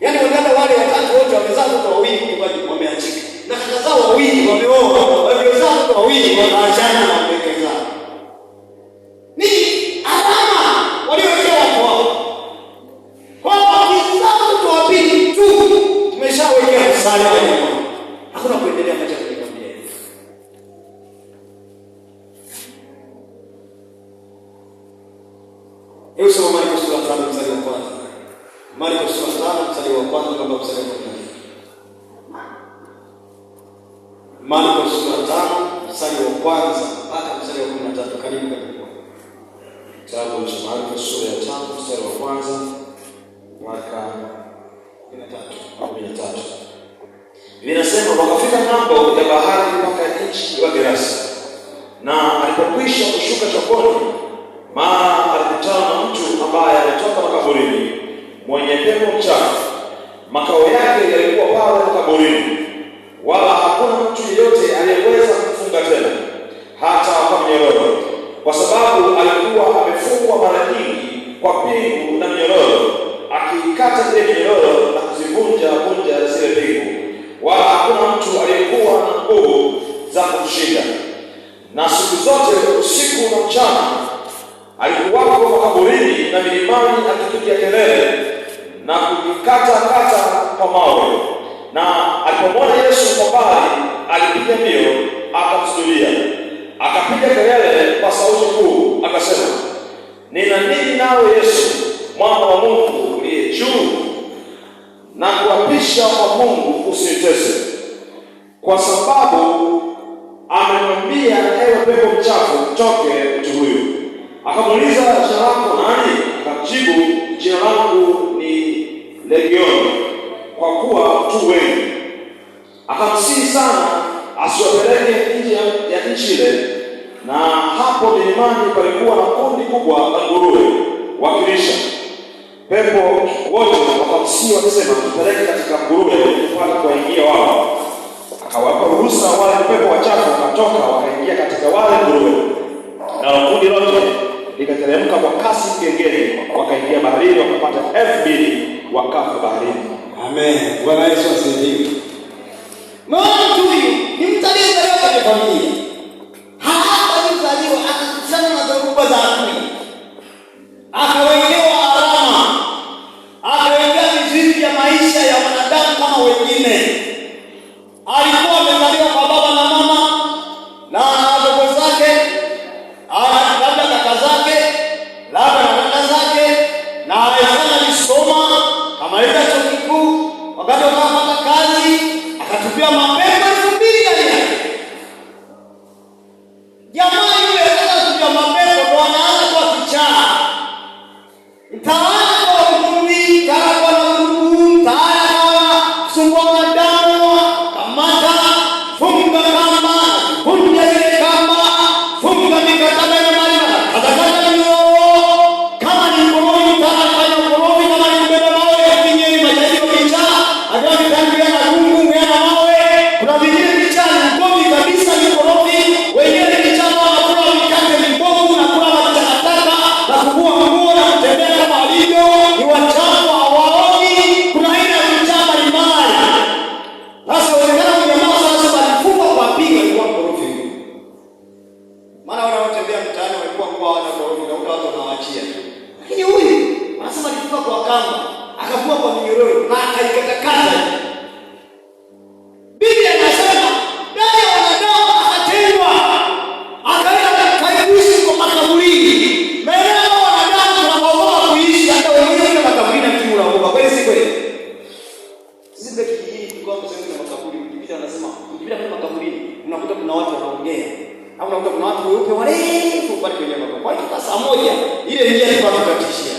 Yaani wadada wale watatu wote wamezaa watoto wawili wameachika, na kaka zao wawili wameoa, waliozaa watoto wawili wanaachana na wapeke zao. Ni alama waliowekea watu wao kwamba wakizaa watoto pili tu tumeshawekea msala wenye hakuna kuendelea katika familia yetu. Hebu soma Marko sura mstari wa kwanza mpaka mstari wa Marko sura mstari wa kwanza mpaka mstari wa karibu. Kitabu cha Marko sura ya mstari wa kwanza mpaka Vinasema wakafika ng'ambo ya bahari mpaka nchi ya Na alipokwisha kushuka chokoni, mara alikutana na mtu ambaye alitoka makaburini mwenye pepo mchafu, makao yake yalikuwa pale kaburini, wala hakuna mtu yeyote aliyeweza kufunga tena, hata kwa mnyororo, kwa sababu alikuwa amefungwa mara nyingi kwa pingu na mnyororo, akiikata zile mnyororo na kuzivunja vunja zile pingu, wala hakuna mtu aliyekuwa na nguvu za kumshinda. Na siku zote usiku na mchana alikuwako makaburini na milimani akipiga kelele na kata kwa mawe, na alipomwona Yesu kwa mbali alipiga mbio akamsujudia, akapiga kelele kwa sauti kuu akasema, nina nini nawe Yesu mwana wa Mungu uliye juu? Na kuapisha kwa Mungu usinitese, kwa sababu amemwambia, ewe pepo mchafu, toke mtu huyu. Akamuuliza, jina lako nani? watu wengi, akamsihi sana asiwapeleke nje ya nchi ile. Na hapo milimani palikuwa na kundi kubwa la nguruwe wakilisha. Pepo wote wakamsii wakisema, tupeleke katika nguruwe tupate kuwaingia wao. Akawapa ruhusa, wale pepo wachafu wakatoka wakaingia katika wale nguruwe, na kundi lote likateremka kwa kasi kengeni, wakaingia baharini, wakapata elfu mbili wakafa baharini. Amen. Bwana Yesu asifiwe. mtu huyu ni kwenye familia. Hapa za adui. Akawekewa alama. Akawekewa vya maisha ya wanadamu kama wengine. jamaa yule anaweza kuja mapema, anaanza kwa kichaa bila hata matafsiri, unakuta kuna watu wanaongea au unakuta kuna watu weupe warefu pale kwenye mabawa. Kwa hiyo saa moja ile njia kwa tunatishia